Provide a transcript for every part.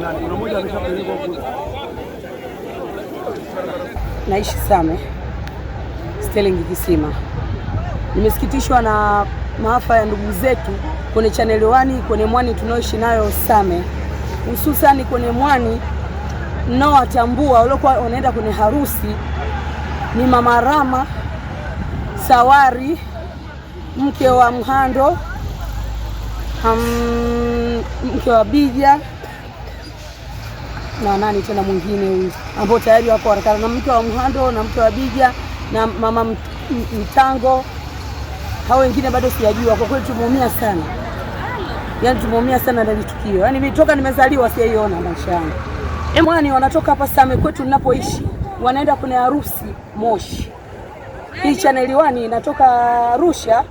nani? Kuna mmoja ameshapelekwa kule. Naishi Same Sterling Kisima. Nimesikitishwa na maafa ya ndugu zetu kwenye Channel One, kwenye mwani tunaoishi nayo Same, hususani kwenye mwani mnaowatambua waliokuwa wanaenda kwenye harusi ni Mama Rama Sawari, mke wa Mhando, um, mke wa Bija na nani tena mwingine huyu ambao tayari wako harakati na mke wa Mhando na mke wa Bija na mama Mtango. Hao wengine bado sijajua. Kwa kweli tumeumia sana, yani tumeumia sana na tukio, yani mimi nimezaliwa sijaiona maisha yangu. Emwani wanatoka hapa Same kwetu ninapoishi, wanaenda kwenye harusi Moshi. Hii Channel 1 inatoka Arusha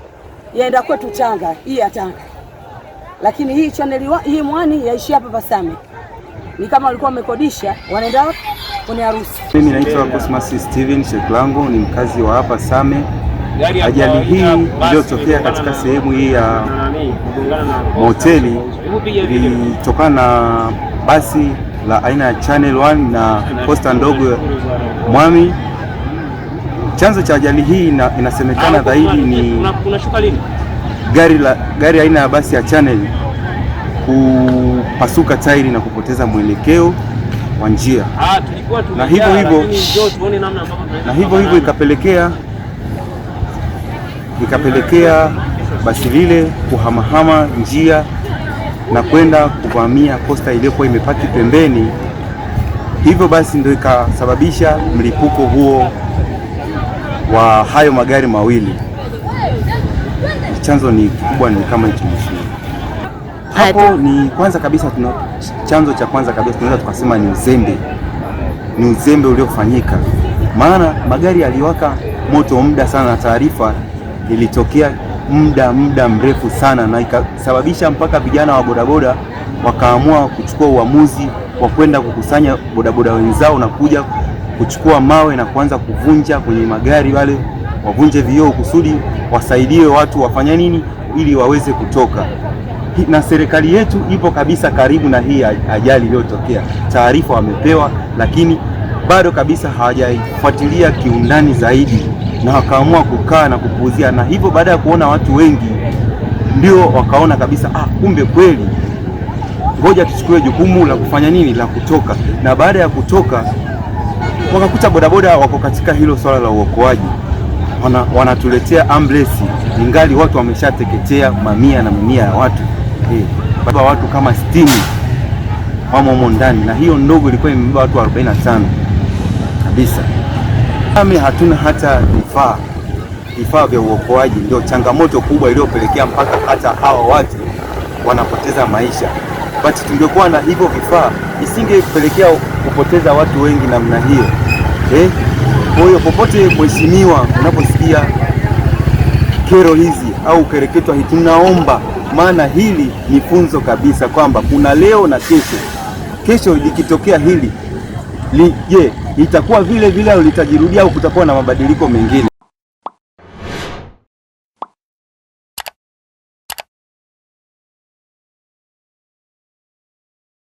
yaenda kwetu Tanga, hii ya Tanga, lakini hii Channel hii mwani yaishi hapa Same ni kama walikuwa wamekodisha, wanaenda kwenye harusi. Mimi naitwa Cosmas Steven Sheklango, ni mkazi wa hapa Same. Ajali hii iliyotokea katika sehemu hii ya moteli ilitokana na basi la aina ya Channel 1 na posta ndogo Mwami. Chanzo cha ajali hii ina, inasemekana zaidi ni gari la gari aina ya basi ya Channel kupasuka tairi na kupoteza mwelekeo wa njia, ah, na hivyo hivyo na hivyo hivyo ikapelekea ikapelekea basi lile kuhamahama njia na kwenda kuvamia kosta iliyokuwa imepaki pembeni. Hivyo basi ndio ikasababisha mlipuko huo wa hayo magari mawili. Chanzo ni kikubwa, ni kama hicho hapo ni kwanza kabisa tuna, chanzo cha kwanza kabisa tunaweza tukasema ni uzembe, ni uzembe uliofanyika, maana magari yaliwaka moto muda sana, na taarifa ilitokea muda muda mrefu sana, na ikasababisha mpaka vijana wa bodaboda wakaamua kuchukua uamuzi wa kwenda kukusanya bodaboda wenzao na kuja kuchukua mawe na kuanza kuvunja kwenye magari wale, wavunje vioo kusudi wasaidie watu wafanya nini ili waweze kutoka na serikali yetu ipo kabisa karibu na hii ajali iliyotokea. Taarifa wamepewa, lakini bado kabisa hawajaifuatilia kiundani zaidi, na wakaamua kukaa na kupuuzia, na hivyo baada ya kuona watu wengi ndio wakaona kabisa, ah, kumbe kweli, ngoja tuchukue jukumu la kufanya nini, la kutoka. Na baada ya kutoka wakakuta bodaboda wako katika hilo swala la uokoaji, wanatuletea wana ambulance ingali watu wameshateketea, mamia na mamia ya watu eh, baba watu kama sitini wamo humo ndani, na hiyo ndogo ilikuwa imebeba watu 45 kabisa. Kami hatuna hata vifaa vifaa vya uokoaji, ndio changamoto kubwa iliyopelekea mpaka hata hawa watu wanapoteza maisha. Basi tungekuwa na hivyo vifaa, isingepelekea kupoteza watu wengi namna hiyo eh? Kwa hiyo popote, mheshimiwa, unaposikia kero hizi au kereketwa hii, tunaomba maana hili ni funzo kabisa kwamba kuna leo na kesho. Kesho likitokea hili je, itakuwa vile vile au litajirudia au kutakuwa na mabadiliko mengine?